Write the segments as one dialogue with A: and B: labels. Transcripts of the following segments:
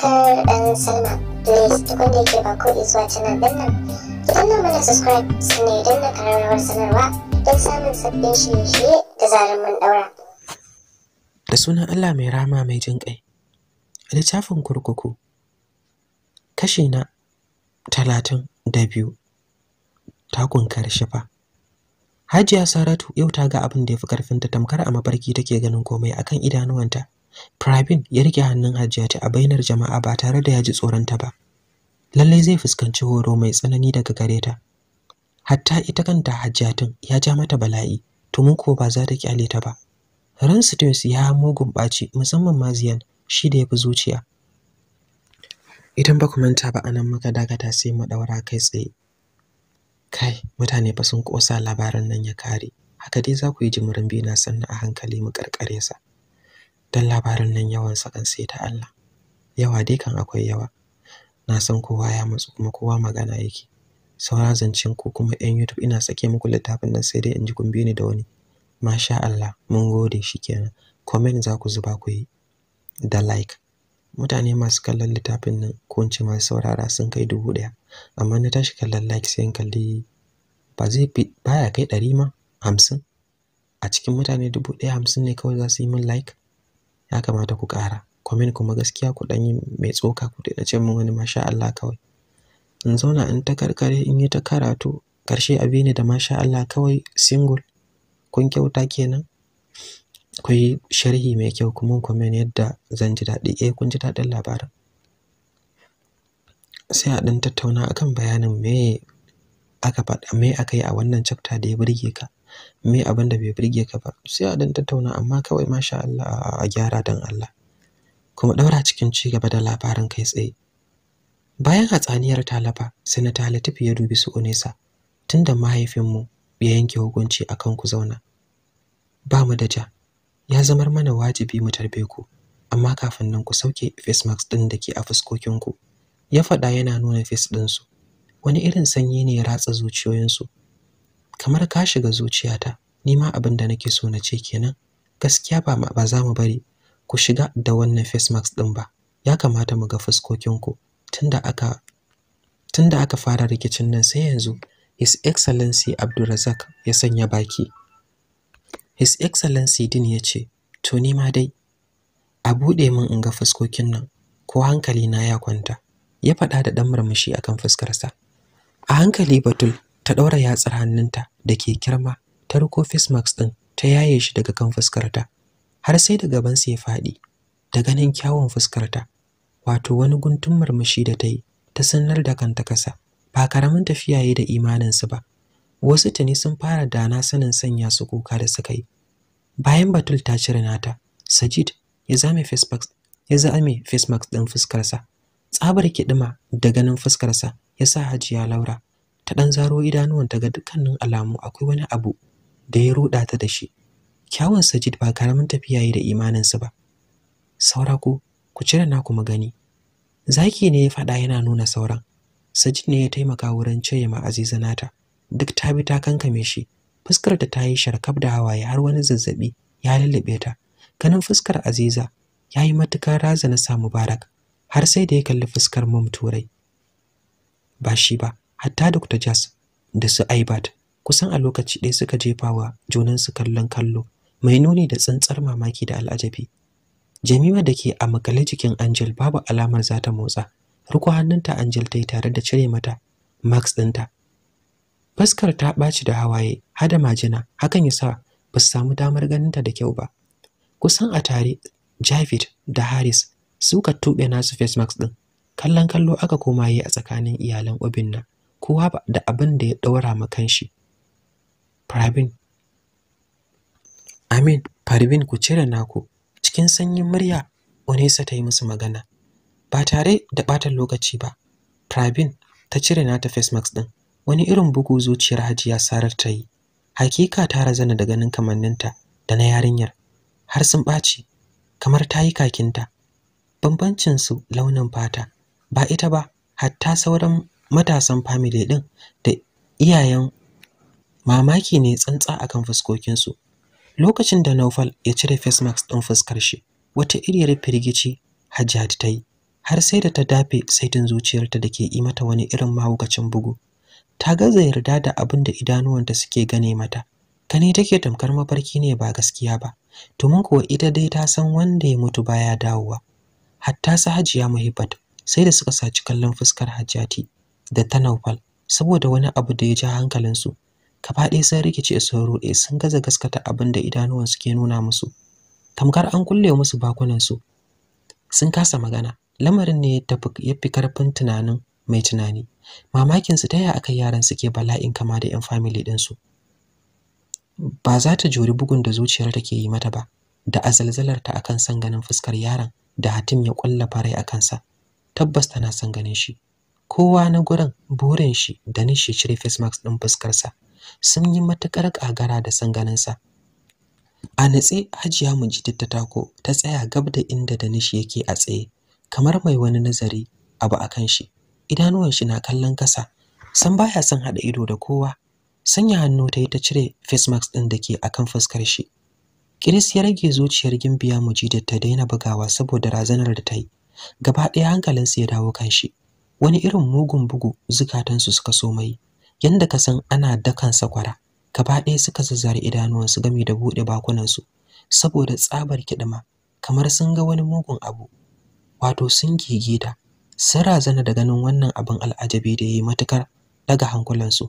A: subscribe and sign up. Please tukunde ke ba ko zuwa canal din nan. Ki danna mana subscribe sannan idan na karar sanarwa don samun sabbin shirye-shirye da zarar mun daura. Da sunan Allah mai rama mai jin kai. Littafin kurkuku. Kashi na talatin da biyu. Takun karshe fa. Hajiya Saratu yau ta ga abin da ya fi ƙarfinta tamkar a mafarki take ganin komai akan idanuwanta. Pravin ya rike hannun Hajjati a bainar jama'a ba tare da ya ji tsoron ta ba. Lallai zai fuskanci horo mai tsanani daga gare ta. Hatta ita kanta Hajjatin ya ja mata bala'i, to mun ko ba za ta kyale ta ba. Ran Stevens ya mugun ɓaci musamman maziyan shi da ya fi zuciya. Idan ba ku manta ba anan muka dakata sai mu daura kai tsaye. Kai, mutane ba sun kosa labaran nan ya kare. Haka dai za ku yi bi na sannan a hankali mu karkare sa. dan labarin nan yawan sa kan sai ta Allah yawa dai kan akwai yawa na san kowa ya matsu kuma kowa magana yake saura zancen ku kuma yan YouTube ina sake muku littafin nan sai dai in ji kun bi ni da wani masha Allah mun gode shi kenan comment za ku zuba ku yi da like mutane masu kallon littafin nan ko masu saurara sun kai dubu ɗaya amma na tashi kallon like sai in kalli ba zai fi baya kai ɗari ma hamsin a cikin mutane dubu ɗaya hamsin ne kawai za su yi min like ya kamata ku ƙara comment kuma gaskiya ku ɗan yi mai tsoka ku da ce mun wani masha Allah kawai in zauna in ta karkare in yi ta karatu karshe abi ne da masha Allah kawai single kun kyauta kenan ku yi sharhi mai kyau kuma comment yadda zan ji daɗi eh kun ji daɗin labarin sai a ɗan tattauna akan bayanin me aka faɗa me aka yi a wannan chapter da ya burge ka me abin da bai burge ka ba sai a dan tattauna amma kawai masha Allah a gyara dan Allah kuma daura cikin ci gaba da labarin kai tsaye bayan hatsaniyar talaba sanata Latif ya dubi su Onesa tunda mahaifinmu ya yanke hukunci akan ku zauna ba mu da ja ya zamar mana wajibi mu tarbe ku amma kafin nan ku sauke face mask din da ke a fuskokinku ya faɗa yana nuna face ɗinsu wani irin sanyi ne ya ratsa zuciyoyinsu kamar ka shiga zuciyata ni ma abin da nake so na ce kenan gaskiya ba ba za mu bari ku shiga da wannan face mask din ba ya kamata mu ga fuskokinku tunda aka tunda aka fara rikicin nan sai yanzu his excellency Abdulrazak ya sanya baki his excellency din ya ce to ni ma dai a buɗe min in ga fuskokin nan ko hankali na ya kwanta ya faɗa da ɗan murmushi akan fuskarsa a hankali batul ta ɗaura yatsar hannunta da ke kirma ta riko face ɗin ta yaye shi daga kan fuskarta har sai da gabansa ya faɗi da ganin kyawun fuskarta wato wani guntun murmushi da ta yi ta sanar da kanta kasa ba karamin tafiya yi da imaninsu ba wasu tuni sun fara dana sanin sanya su kuka da suka yi bayan batul ta cire nata sajid ya zame face ya zame face ɗin fuskarsa tsabar kiɗima da ganin fuskarsa ya sa hajiya laura ta ɗan zaro idanuwanta ga dukkanin alamu akwai wani abu da ya ruɗa ta da shi kyawun sajid ba karamin tafiya yi da imaninsa ba saura ku ku cire na naku magani zaki ne ya faɗa yana nuna sauran sajid ne ya taimaka wurin cire ma aziza nata duk ta bi ta kankame shi fuskar ta ta yi sharkaf da hawaye har wani zazzabi ya lullube ta ganin fuskar aziza ya yi matukar razana sa mubarak har sai da ya kalli fuskar mum turai ba shi ba hatta Dr. Jazz da su Aibat kusan a lokaci ɗaya suka jefa wa junansu kallon kallo mai nuni da tsantsar mamaki da al'ajabi. Jamima da ke a makale jikin Angel babu alamar za ta motsa. Riko hannunta Angel ta yi tare da cire mata max ɗinta. faskar ta ɓaci da hawaye, hada majina, hakan ya sa ba su samu damar ganinta da kyau ba. Kusan a tare, Javid da Harris suka tuɓe nasu face mask ɗin. Kallon kallo aka koma yi a tsakanin iyalan nan. kowa ba da abin da ya ɗaura ma kanshi Parvin Amin farabin ku cire naku cikin sanyin murya Onesa ta yi musu magana ba tare da ɓata lokaci ba Parvin ta cire nata face mask ɗin. wani irin bugu zuciyar Hajiya Sarar ta yi hakika ta razana da ganin kamanninta da na yarinyar har sun ɓaci kamar ta yi kakinta bambancinsu launin fata ba ita ba hatta sauran matasan family din da iyayen mamaki ne tsantsa akan fuskokin su lokacin da Naufal ya cire face mask ɗin fuskar shi wata iriyar firgici Hajjat ta har sai da ta dafe saitin zuciyarta da ke yi mata wani irin mahaukacin bugu ta gaza yarda da abin da idanuwanta suke gane mata kani take tamkar mafarki ne ba gaskiya ba To mun kuwa ita dai ta san wanda ya mutu baya dawowa hatta su hajiya muhibbat sai da suka saci kallon fuskar hajjati da ta saboda wani abu da ya ja hankalinsu. kaba ɗaya sun rikice sun ruɗe sun gaza gaskata abin da idanuwansu ke nuna musu. Tamkar an kulle musu su, Sun kasa magana. Lamarin ne ya fi karfin tunanin mai tunani. Mamakinsu ta taya aka yaran suke bala'in kama da 'yan famili ɗinsu. Ba za ta juri bugun da zuciyar take yi mata ba, da ta akan san ganin fuskar yaran da hatim ya ƙulla rai a kansa. Tabbas tana son ganin shi. kowa na gurin burin shi da nishi cire face mask ɗin fuskarsa sun yi matuƙar ƙagara da sanganinsa a natse hajiya mujidi ta tako ta tsaya gab da inda da nishi yake a tsaye kamar mai wani nazari abu a kan shi idanuwan shi na kallon kasa san baya son hada ido da kowa sanya hannu ta yi ta cire face mask ɗin da ke akan fuskar shi Kiris ya rage zuciyar gimbiya mujidi ta daina bugawa saboda razanar da ta yi gaba ɗaya hankalinsa ya dawo kan shi wani irin mugun bugu zukatansu suka so mai yanda ka san ana dakan sakwara gaba ɗaya suka zazzare idanuwansu gami da buɗe bakunansu saboda tsabar kiɗima kamar sun ga wani mugun abu wato sun ta sara zana da ganin wannan abin al'ajabi da ya yi matukar daga hankulansu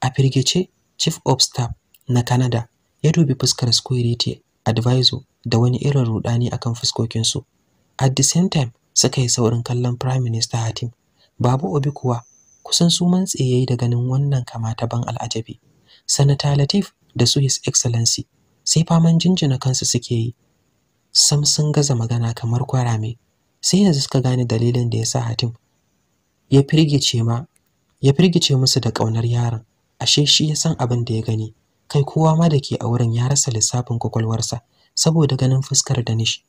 A: a firgice chief of staff na canada ya dubi fuskar security advisor da wani irin rudani akan fuskokinsu at the same time suka yi saurin kallon prime minister hatim babu obi kuwa kusan su man tsayayi da ganin wannan kama ta ban al'ajabi sanata latif da su his excellency sai faman jinjina kansu suke yi sam sun gaza magana kamar kwarame sai yanzu suka gane dalilin da ya sa hatim ya firgice ma ya firgice musu da kaunar yaron ashe shi ya san abin da ya gani kai kowa ma da ke a wurin ya rasa lissafin kwakwalwarsa saboda ganin fuskar da nishi.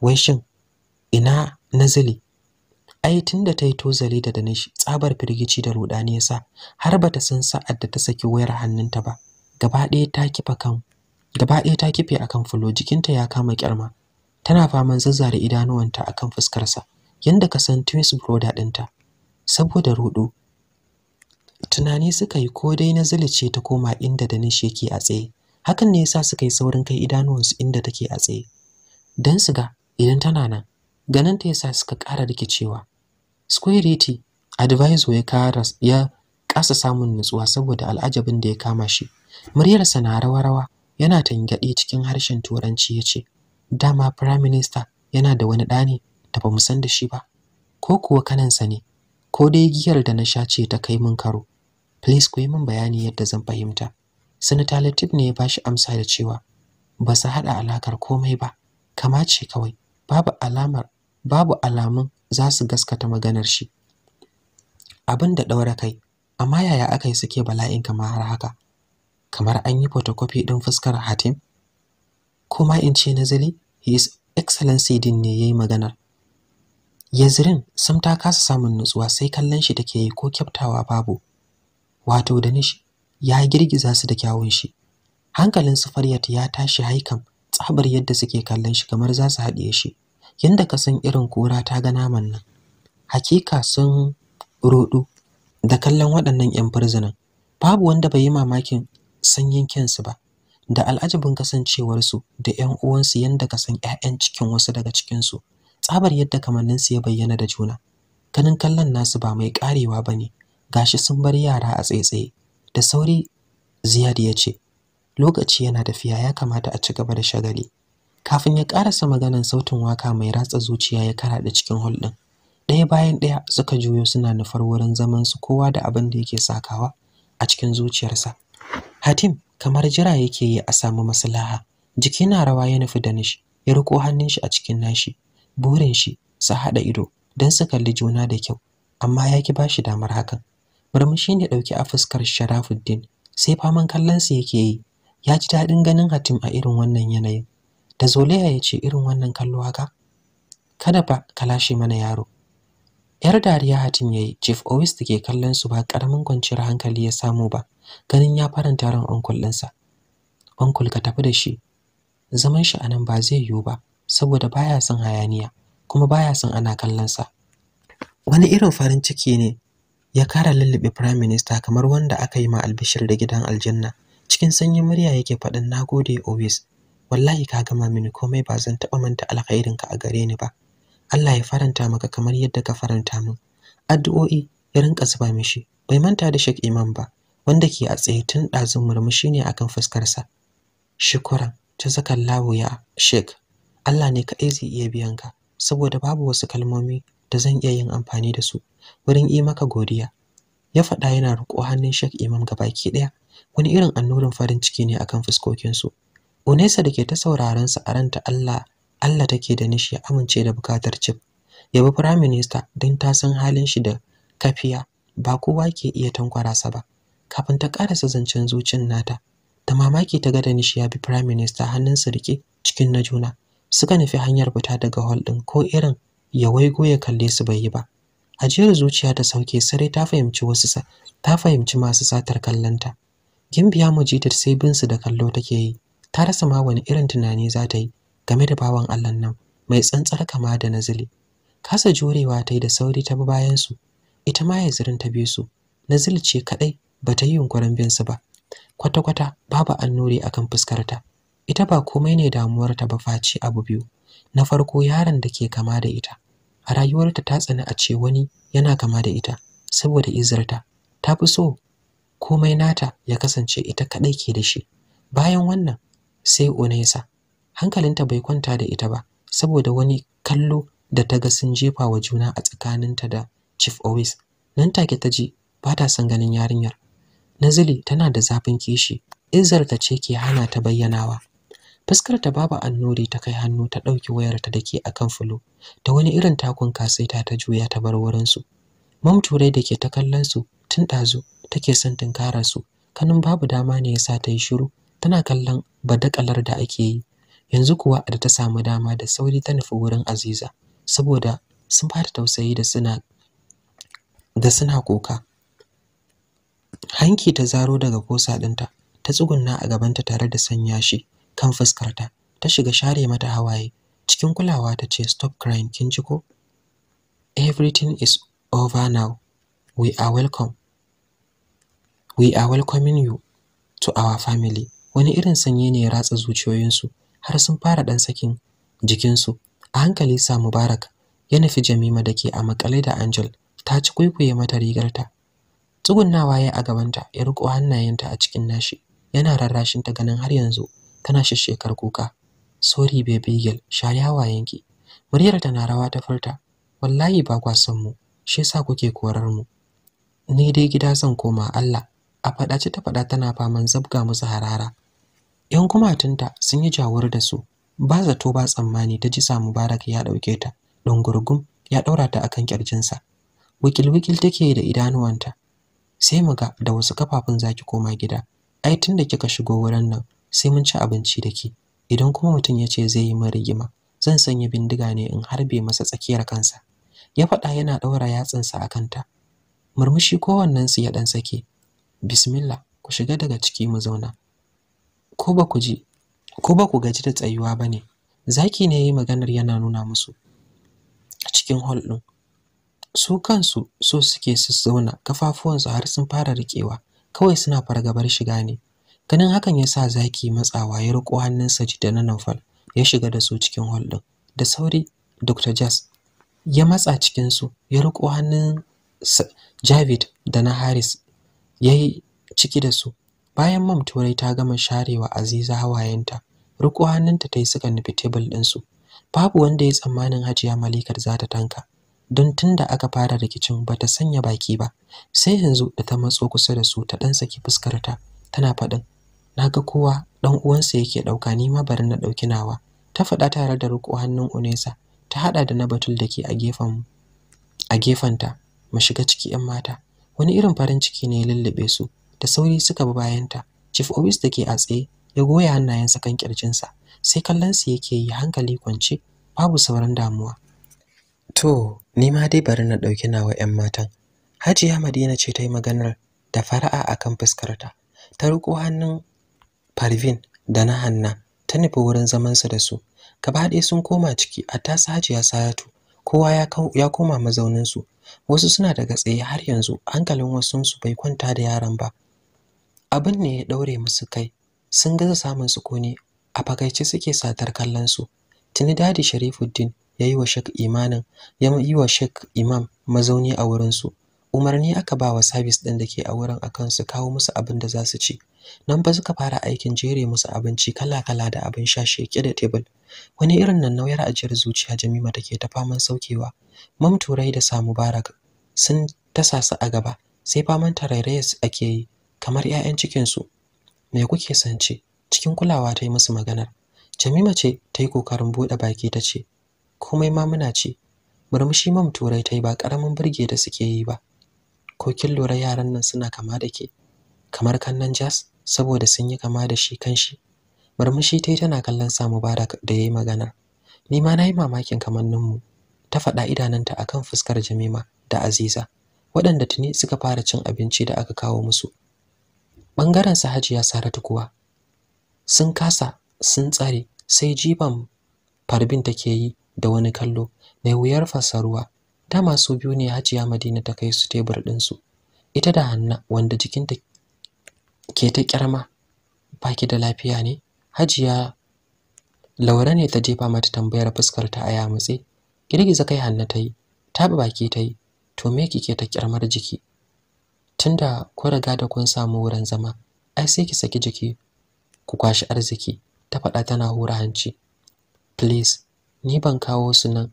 A: wai shin ina nazili ai da ta yi tozali da danish tsabar firgici da rudani yasa har bata san sa'ad da ta saki wayar hannunta ba gaba ɗaya ta kifa kan gaba ɗaya ta kife akan fulo jikinta ya kama kyarma tana faman zazzare idanuwanta akan fuskarsa yanda ka san twins brother ɗinta saboda rudo tunani suka yi ko dai na zilice ta koma inda danish yake a tsaye hakan ne yasa suka yi saurin kai idanuwansu inda take a tsaye dan su ga idan tana nan ganin ta yasa suka ƙara rikicewa Squirity advisor ya kara ya kasa samun nutsuwa saboda al'ajabin da ya kama shi. Muryarsa na rawa-rawa yana tangaɗe cikin harshen Turanci ya ce, Dama Prime Minister yana da wani ɗani da ba mu san da shi ba, ko kuwa kanansa ne, ko dai giyar da na sha ce ta kai min karo. Please ku yi min bayani yadda zan fahimta. Sanata Latif ne ya ba shi amsa da cewa, ba su haɗa alakar komai ba, kama ce kawai, babu alamar, babu alamun za su gaskata maganar shi abin da ɗaura kai amma yaya aka yi suke bala'in kamar har haka kamar an yi photocopy ɗin fuskar hatim kuma in ce nazili his excellency din ne ya yi maganar yanzirin sam ta kasa samun nutsuwa sai kallon shi take yi ko kyaftawa babu wato da nishi ya girgiza su da kyawun shi hankalin su faryat ya tashi haikam tsabar yadda suke kallon shi kamar za su haɗiye shi yanda ka san irin kura ta ga naman nan hakika sun rodo da kallon waɗannan ƴan firzinan babu wanda bai yi mamakin sanyin kyansu ba da al'ajabin kasancewarsu da 'yan uwansu yanda ka san 'ya'yan cikin wasu daga cikinsu tsabar yadda kamanninsu ya bayyana da juna ganin kallon nasu ba mai ƙarewa ba ne gashi sun bar yara a tsaitsaye da sauri ziyad ya ce lokaci yana tafiya ya kamata a ci gaba da shagali kafin ya karasa maganan sautin waka mai ratsa zuciya ya karaɗe cikin hol ɗin ɗaya bayan ɗaya suka juyo suna nufar wurin zaman su kowa da abin da yake sakawa a cikin zuciyarsa hatim kamar jira yake yi a samu maslaha jiki na rawa ya nufi da danish ya riko hannun shi a cikin nashi burin shi su haɗa ido don su kalli juna da kyau amma ya ki bashi damar hakan murmushi ne ɗauki a fuskar sharafuddin sai faman kallon su yake yi ya ji daɗin ganin hatim a irin wannan yanayin da zolaya ya ce irin wannan kallo haka kada ba ka lashe mana yaro yar dariya hatim yayi chief always take kallon su ba karamin kwanciyar hankali ya samu ba ganin ya faranta ran uncle ɗinsa uncle ka tafi da shi zaman shi anan ba zai yiwu ba saboda baya son hayaniya kuma baya son ana kallon sa wani irin farin ciki ne ya kara lullube prime minister kamar wanda aka yi ma albishir da gidan aljanna cikin sanyin murya yake faɗin nagode always wallahi ka gama mini komai ba zan taɓa manta alkhairinka a gare ni ba Allah ya faranta maka kamar yadda ka faranta min addu'o'i ya rinka zuba mishi bai manta da shek Imam ba wanda ke a tsaye tun ɗazun murmushi ne akan fuskarsa shukuran ta zakan lawo ya shek. Allah ne ka zai iya biyan ka saboda babu wasu kalmomi da zan iya yin amfani da su wurin yi maka godiya ya faɗa yana riƙo hannun shek Imam gabaki ɗaya wani irin annurin farin ciki ne akan fuskokinsu Unesa da ke ta sauraron sa a ranta Allah Allah take da nishi ya amince da bukatar Chip. Yabi Prime Minister don ta san halin shi da kafiya ba kowa ke iya tankwara sa ba. Kafin ta karasa zancen zuciyar nata, ta mamaki ta ga da nishi ya bi Prime Minister sa rike cikin na juna. Suka nufi hanyar fita daga hall din ko irin ya waigo ya kalle su bai yi ba. Ajiyar zuciya ta sauke sare ta fahimci wasu ta fahimci masu satar kallanta. Gimbiya Mujidar sai bin su da kallo take yi. ta rasa ma wani irin tunani za ta yi game da bawan Allah nan mai tsantsar kama da nazili kasa jurewa ta yi da sauri ta bi bayan su ita ma yazirin ta bi su nazili ce kadai ba ta yi yunkurin bin su ba kwata kwata babu annuri akan fuskarta ita ba komai ne damuwar ta ba face abu biyu na farko yaron da ke kama da ita a rayuwarta ta tsani a ce wani yana kama da ita saboda izarta ta fi so komai nata ya kasance ita kadai ke da shi bayan wannan sai Onesa, Hankalinta bai kwanta da ita ba saboda wani kallo da ta ga sun jefa wa juna a tsakaninta da Chief Owis. Nan take ta ji ba ta son ganin yarinyar. Nazili tana da zafin kishi, izar ta ce ke hana ta bayyanawa. Fuskar ta babu annori ta kai hannu ta ɗauki wayarta da ke akan fulo, ta wani irin takun kasai ta juya ta bar su Mam Turai da ke ta kallon su tun ɗazu take son tinkara su, kanin babu dama ne yasa ta yi shiru tana kallon badakalar da ake yi yanzu kuwa da ta samu dama da sauri ta nufi wurin Aziza saboda sun fara tausayi da suna da suna kuka hanki ta zaro daga kosa ɗinta ta tsugunna a gabanta tare da sanya shi kan fuskarta ta shiga share mata hawaye cikin kulawa ta ce stop crying kin ji ko everything is over now we are welcome we are welcoming you to our family wani irin sanyi ne ya ratsa zuciyoyinsu har sun fara ɗan sakin jikinsu a hankali sa mubarak ya nufi jamima da ke a makale da angel ta ci kwaikwaye mata rigarta tsugunnawa ya a gabanta ya riko hannayenta a cikin nashi yana rarrashin ta ganin har yanzu tana shekar kuka sorry baby girl shayawa yanki muryar ta na rawa ta furta wallahi ba kwa son mu shi yasa kuke korar mu ni dai gida zan koma Allah a faɗace ta faɗa tana faman zabga musu harara yan kumatunta sun yi jawar da su ba zato ba tsammani ta ji sa baraka ya ɗauke ta don gurgum ya ɗaura ta akan ƙirjinsa wikil-wikil take da idanuwanta sai mu ga da wasu kafafun zaki koma gida ai tun da kika shigo wurin nan sai mun ci abinci da ke idan kuma mutum ya ce zai yi min rigima zan sanya bindiga ne in harbe masa tsakiyar kansa ya faɗa yana ɗaura yatsansa a kanta murmushi kowannensu ya ɗan sake bismillah ku shiga daga ciki mu zauna ko ba ku ji ko ba ku gaji da tsayuwa ba ne zaki ne ya yi maganar yana nuna musu a cikin hall ɗin su kansu so suke su zauna kafafuwansu har sun fara riƙewa kawai suna fargabar shiga ne ganin hakan ya sa zaki matsawa ya riƙo hannunsa da na nufal ya shiga da su cikin hall ɗin da sauri dr jas ya matsa cikinsu ya riƙo hannun javid da na haris Yi ciki da su bayan mam turai ta gama sharewa aziza hawayenta riko hannunta ta yi suka nufi tebul ɗinsu babu wanda ya tsammanin hajiya malikar za ta tanka don tun da aka fara rikicin ba ta sanya baki ba sai yanzu da ta matso kusa da su ta ɗan saki fuskarta tana faɗin na ga kowa ɗan uwansa yake ɗauka ni ma bari na ɗauki nawa ta faɗa tare da riƙo hannun unesa ta haɗa da na batul da ke a gefen a gefenta mu shiga ciki 'yan mata wani irin farin ciki ne ya lullube su da sauri suka bi bayanta chief obis da ke a tsaye ya goya hannayensa kan kirjinsa sai kallon su yake yi hankali kwance babu sauran damuwa to ni ma dai bari na dauki nawa yan matan hajiya madina ce ta yi maganar da fara'a a kan fuskarta ta riko hannun parvin da na hanna ta nufi wurin zamansa da su gaba ɗaya sun koma ciki a tasa hajiya Sayatu kowa ya koma mazauninsu wasu suna daga tsaye har yanzu hankalin wasunsu bai kwanta da yaran ba abin ne ya daure musu kai sun gaza samun sukuni a fakaice suke satar kallon su tuni dadi sharifuddin ya yi wa shek imanin ya yi wa shek imam mazauni a wurinsu umarni aka ba wa sabis ɗin da ke a wurin akan su kawo musu abin da za su ci nan ba suka fara aikin jere musu abinci kala-kala da abin sha sheke da tebul wani irin nan nauyar ajiyar zuciya jamima take ta faman saukewa mam turai da samu barak sun tasa su a gaba sai faman tarairayas ake yi kamar 'ya'yan cikinsu me kuke sance cikin kulawa ta yi musu maganar jamima ce ta yi kokarin buɗe baki ta ce komai ma muna ci murmushi mam turai ta yi ba ƙaramin burge da suke yi ba ko kin lura yaran nan suna kama da ke kamar kannan jas saboda sun yi kama da shi kanshi murmushi ta tana kallon sa mubarak da yayi magana ni ma yi mamakin kamannin mu ta faɗa idananta kan fuskar jamima da aziza waɗanda tuni suka fara cin abinci da aka kawo musu ɓangaren sa hajiya saratu kuwa sun kasa sun tsare sai jifan farbin take yi da wani kallo mai wuyar fasaruwa dama masu biyu ne hajiya madina ta kai su tebur su ita da hanna wanda jikinta ke ta kyarma baki da lafiya ne hajiya laura ne ta jefa mata tambayar fuskar ta aya mutse. girgiza kai hanna ta yi baki ta yi to me kike ta kyarmar jiki tunda ku riga da kun samu wurin zama ai sai ki saki jiki ku kwashi arziki ta faɗa tana hura hanci please ni ban kawo su nan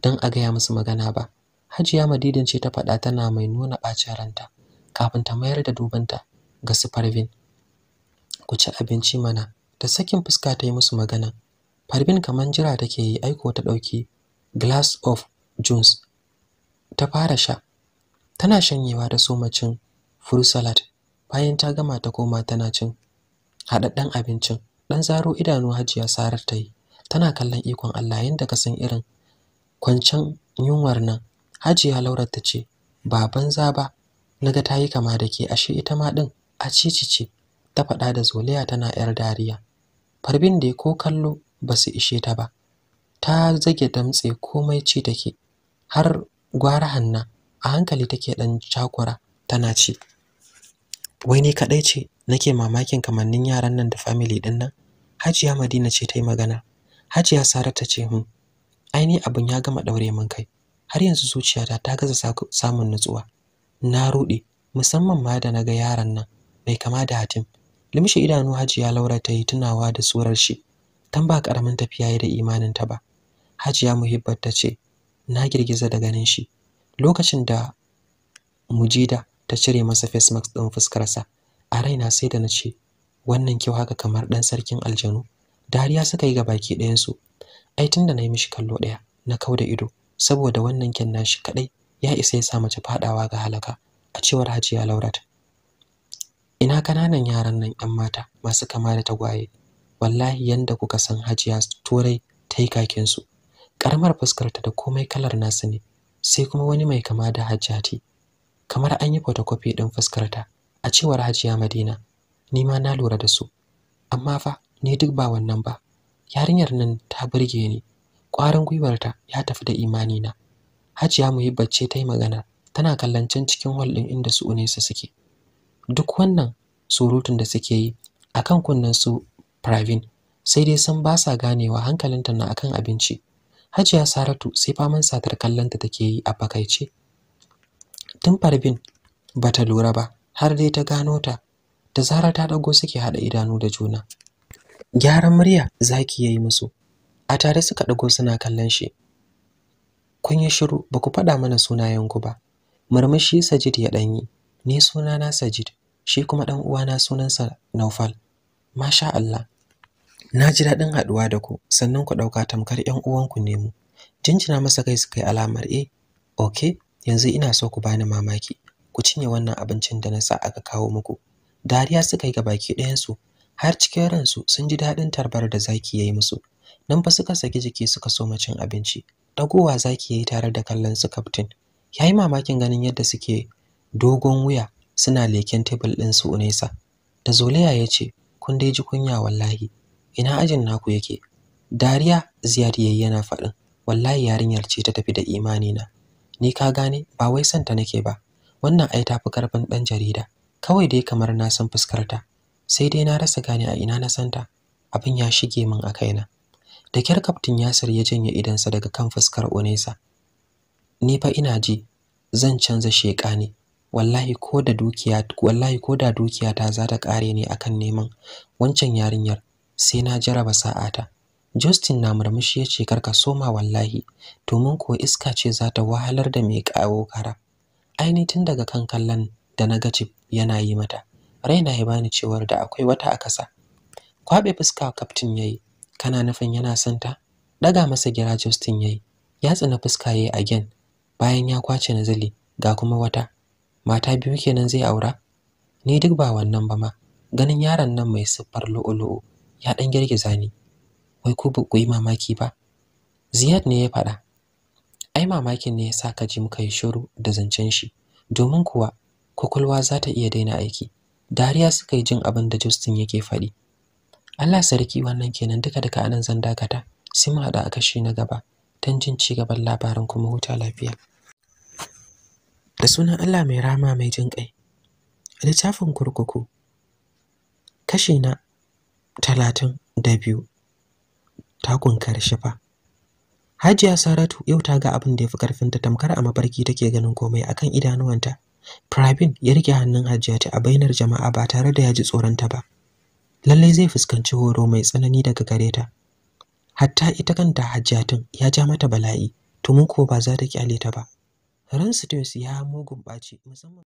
A: don a gaya musu magana ba hajiya madidin ce ta faɗa tana mai nuna ɓacin ranta kafin ta mayar da dubanta ga su ku ci abinci mana da sakin fuska ta yi musu magana farbin kamar jira take yi aiko ta ɗauki glass of juice ta fara sha tana shanyewa da somacin fruit salad bayan ta gama ta koma tana cin haɗaɗɗen abincin ɗan zaro idanu hajiya sarar ta yi tana kallon ikon Allah yadda ka san irin kwancen yunwar nan hajiya laura ta ce ba banza ba Na ga ta yi kama da ke ashe ita ma ɗin a cicice ta faɗa da zoliya tana yar dariya farbin da ya ko kallo ba su ishe ta ba ta zage damtse komai ci take har gwara hanna a hankali take ɗan cakura tana ci wai ni kaɗai ce nake mamakin kamannin yaran nan da famili ɗin nan hajiya madina ce ta yi magana hajiya sarata ce hun hmm, Ainihin abin ya gama daure min kai har yanzu zuciyata ta gaza samun nutsuwa na rude musamman ma da naga yaron nan mai kama da Hatim limshi idanu Hajiya Laura ta yi tunawa da surar shi tan ba karamin tafiya da imanin ta ba Hajiya Muhibbat ta ce na girgiza da ganin shi lokacin da Mujida ta cire masa face mask din fuskarsa a raina sai da na ce wannan kyau haka kamar dan sarkin aljanu dariya suka yi ga baki ɗayansu ai tun da na yi mishi kallo ɗaya na kau da ido saboda wannan kyan nashi kaɗai ya isa ya sa mace faɗawa ga halaka a cewar hajiya laurat ina kananan yaran nan yan mata masu kama da tagwaye wallahi yanda kuka san hajiya turai ta yi kakinsu karamar fuskarta da komai kalar nasu ne sai kuma wani mai kama da hajjati kamar an yi photocopy din fuskarta a cewar hajiya madina ni ma na lura da su amma fa ni duk ba wannan ba yarinyar nan ta burge ni ƙwarin gwiwarta ya tafi da imanina hajiya yi bacci ta yi magana tana kallon can cikin hall ɗin inda su unesa suke duk wannan surutun da suke yi akan kunnen su pravin sai dai sun ba sa ganewa hankalinta na akan abinci hajiya saratu sai faman satar kallonta take yi a fakaice tun farbin bata lura ba har dai ta gano ta da zarar ta dago suke haɗa idanu da juna gyaran murya zaki yayi musu a tare suka dago suna kallon shi kun yi shiru ba ku faɗa mana sunayenku ba murmushi sajid ya ɗanyi ni sunana sajid shi kuma ɗan uwana sunansa naufal masha allah na ji daɗin haɗuwa da ku sannan ku ɗauka tamkar 'yan uwanku ne mu jinjina masa kai suka yi alamar e ok yanzu ina so ku bani mamaki ku cinye wannan abincin da na sa aka kawo muku dariya suka yi ga baki ɗayansu har cikin ransu sun ji daɗin tarbar da zaki ya yi musu nan fa suka saki jiki suka soma cin abinci Ɗagowa zaki ya yi tare da kallon su kaftin ya yi mamakin ganin yadda suke dogon wuya suna leken tebul ɗin su unesa da zolaya ya ce kun dai ji kunya wallahi ina ajin naku yake dariya ziyad yayi yana faɗin wallahi yarinyar ce ta tafi da imani na ni ka gane ba wai santa nake ba wannan ai tafi karfin ɗan jarida kawai dai kamar na san fuskarta. sai dai na rasa gane a ina na santa abin ya shige min a kaina da kyar kaftin Yasir ya janye idansa daga kan fuskar Onesa ni fa ina ji zan canza sheka ne wallahi ko da dukiya wallahi ko da dukiya ta za ta kare ni akan neman wancan yarinyar sai na jaraba sa'ata Justin na murmushi ya ce karka soma wallahi domin ko iska ce za ta wahalar da mai kawo kara ainihin tun daga kan kallon da na gacib yana yi mata raina ya bani cewar da akwai wata a ƙasa kwaɓe fuska kaftin yayi kana nufin yana son ta daga masa gira Justin yayi ya tsina fuska yayi again bayan ya kwace na nazali ga kuma wata mata biyu kenan zai aura ni duk ba wannan ba ma ganin yaron nan mai siffar lu'ulu'u ya ɗan girgiza ni wai ku ku yi mamaki ba Ziyad ne ya faɗa ai mamakin ne ya sa ka ji muka yi shiru da zancen shi domin kuwa kwakwalwa za ta iya daina aiki dariya suka yi jin abin da Justin yake faɗi Allah sarki wannan kenan duka duka anan zan dakata sai mu haɗa a kashi na gaba don jin ci gaban labarin kuma huta lafiya da sunan Allah mai rama mai jin ƙai littafin kurkuku kashi na talatin da biyu takun karshe fa Hajiya Saratu yau ta ga abin da ya fi karfinta tamkar a mafarki take ganin komai akan idanuwanta Pravin ya rike hannun Hajjati a bainar jama'a ba tare da ya ji tsoronta ba. Lalle zai fuskanci horo mai tsanani daga gare ta. Hatta ita kanta Hajjatin ya ja mata bala'i, to mun ko ba za ta kyale ta ba. Ran Studios ya mugun ɓaci musamman